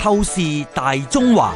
透視大中華，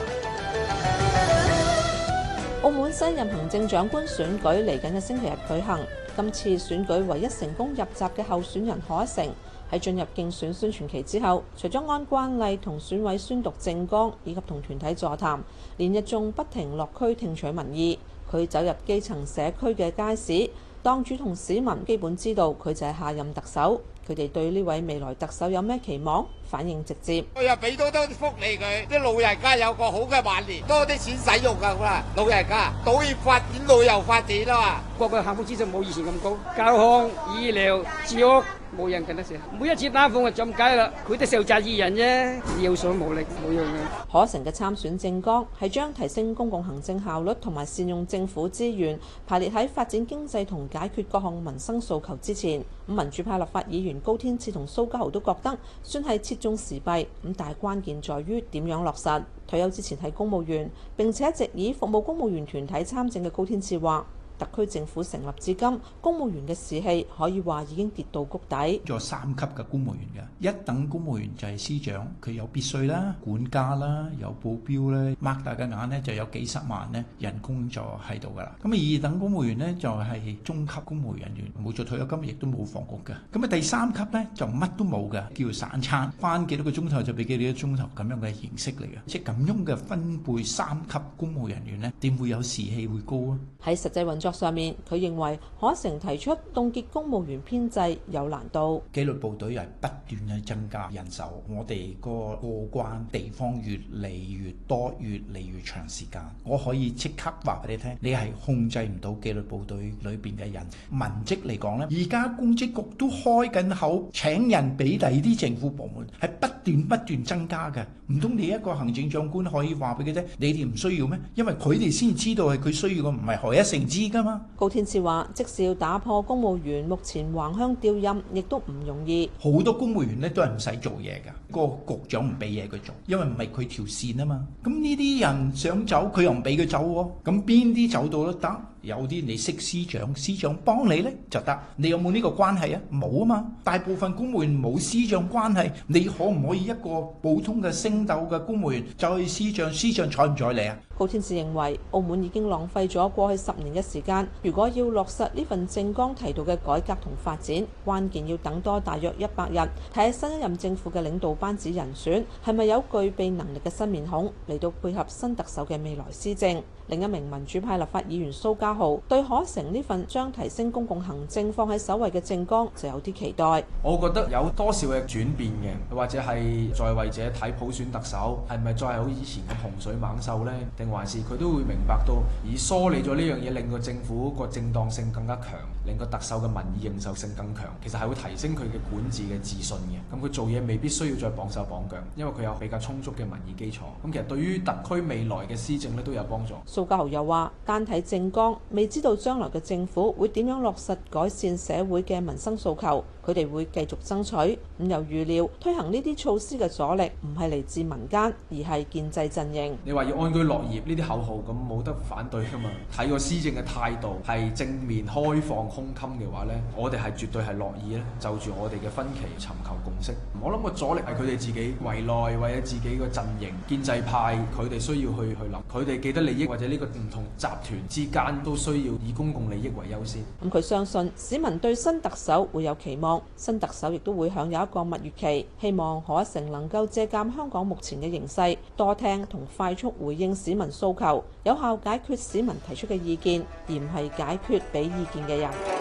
澳門新任行政長官選舉嚟緊嘅星期日舉行。今次選舉唯一成功入閘嘅候選人賀一誠喺進入競選宣傳期之後，除咗按慣例同選委宣讀政綱，以及同團體座談，連日仲不停落區聽取民意。佢走入基層社區嘅街市，檔主同市民基本知道佢就係下任特首。佢哋對呢位未來特首有咩期望？反應直接，我又俾多多啲福利佢，啲老人家有個好嘅晚年，多啲錢使用㗎。好啦，老人家，賭業發展旅遊發展啦。個幸福指數冇以前咁高，教育、醫療、住屋冇人近得上。每一次打風就咁解啦，佢哋受責於人啫，腰所無力冇用嘅。賀一誠嘅參選政綱係將提升公共行政效率同埋善用政府資源，排列喺發展經濟同解決各項民生訴求之前。咁民主派立法議員高天賜同蘇家豪都覺得算係切中時弊。咁但係關鍵在於點樣落實。退休之前係公務員，並且一直以服務公務員團體參政嘅高天賜話。特區政府成立至今，公務員嘅士氣可以話已經跌到谷底。做三級嘅公務員嘅一等公務員就係司長，佢有別墅啦、管家啦、有保鏢咧，擘大嘅眼咧就有幾十萬咧人工在喺度噶啦。咁啊二等公務員咧就係中級公務人員，冇咗退休金亦都冇房屋嘅。咁啊第三級咧就乜都冇嘅，叫散餐，翻幾多個鐘頭就俾幾多個鐘頭咁樣嘅形式嚟嘅。即係咁樣嘅分配三級公務人員咧，點會有士氣會高啊？喺實際運作。上面佢認為賀一誠提出凍結公務員編制有難度，紀律部隊係不斷嘅增加人手，我哋個過關地方越嚟越多，越嚟越長時間，我可以即刻話俾你聽，你係控制唔到紀律部隊裏邊嘅人。文職嚟講咧，而家公職局都開緊口請人俾第啲政府部門係不斷不斷增加嘅。唔通你一個行政長官可以話俾佢啫？你哋唔需要咩？因為佢哋先知道係佢需要嘅，唔係賀一誠之。高天賜話，即使要打破公務員目前橫向調任，亦都唔容易。好多公務員咧都係唔使做嘢噶。個局長唔俾嘢佢做，因為唔係佢條線啊嘛。咁呢啲人想走，佢又唔俾佢走喎、啊。咁邊啲走到都得？有啲你識司長，司長幫你呢就得。你有冇呢個關係啊？冇啊嘛。大部分公務員冇司長關係，你可唔可以一個普通嘅升斗嘅公務員就去司長？司長睬唔睬你啊？高天士認為澳門已經浪費咗過去十年嘅時間。如果要落實呢份政綱提到嘅改革同發展，關鍵要等多大約一百日，睇下新一任政府嘅領導。班子人選係咪有具備能力嘅新面孔嚟到配合新特首嘅未來施政？另一名民主派立法議員蘇嘉豪對賀一誠呢份將提升公共行政放喺首位嘅政綱就有啲期待。我覺得有多少嘅轉變嘅，或者係在位者睇普選特首係咪再係好以前嘅洪水猛獸咧？定還是佢都會明白到，以梳理咗呢樣嘢令個政府個正當性更加強，令個特首嘅民意認受性更強，其實係會提升佢嘅管治嘅自信嘅。咁佢做嘢未必需要再。綁手綁腳，因為佢有比較充足嘅民意基礎。咁其實對於特區未來嘅施政咧都有幫助。蘇家豪又話：單睇政綱，未知道將來嘅政府會點樣落實改善社會嘅民生訴求，佢哋會繼續爭取。咁又預料推行呢啲措施嘅阻力唔係嚟自民間，而係建制陣營。你話要安居樂業呢啲口號，咁冇得反對㗎嘛？睇個施政嘅態度係正面開放胸襟嘅話呢，我哋係絕對係樂意咧，就住我哋嘅分歧尋求共識。我諗個阻力係。佢哋自己圍內或者自己個陣營建制派，佢哋需要去去諗，佢哋既得利益或者呢個唔同集團之間都需要以公共利益為優先。咁佢相信市民對新特首會有期望，新特首亦都會享有一個蜜月期，希望賀一誠能夠借鑒香港目前嘅形勢，多聽同快速回應市民訴求，有效解決市民提出嘅意見，而唔係解決俾意見嘅人。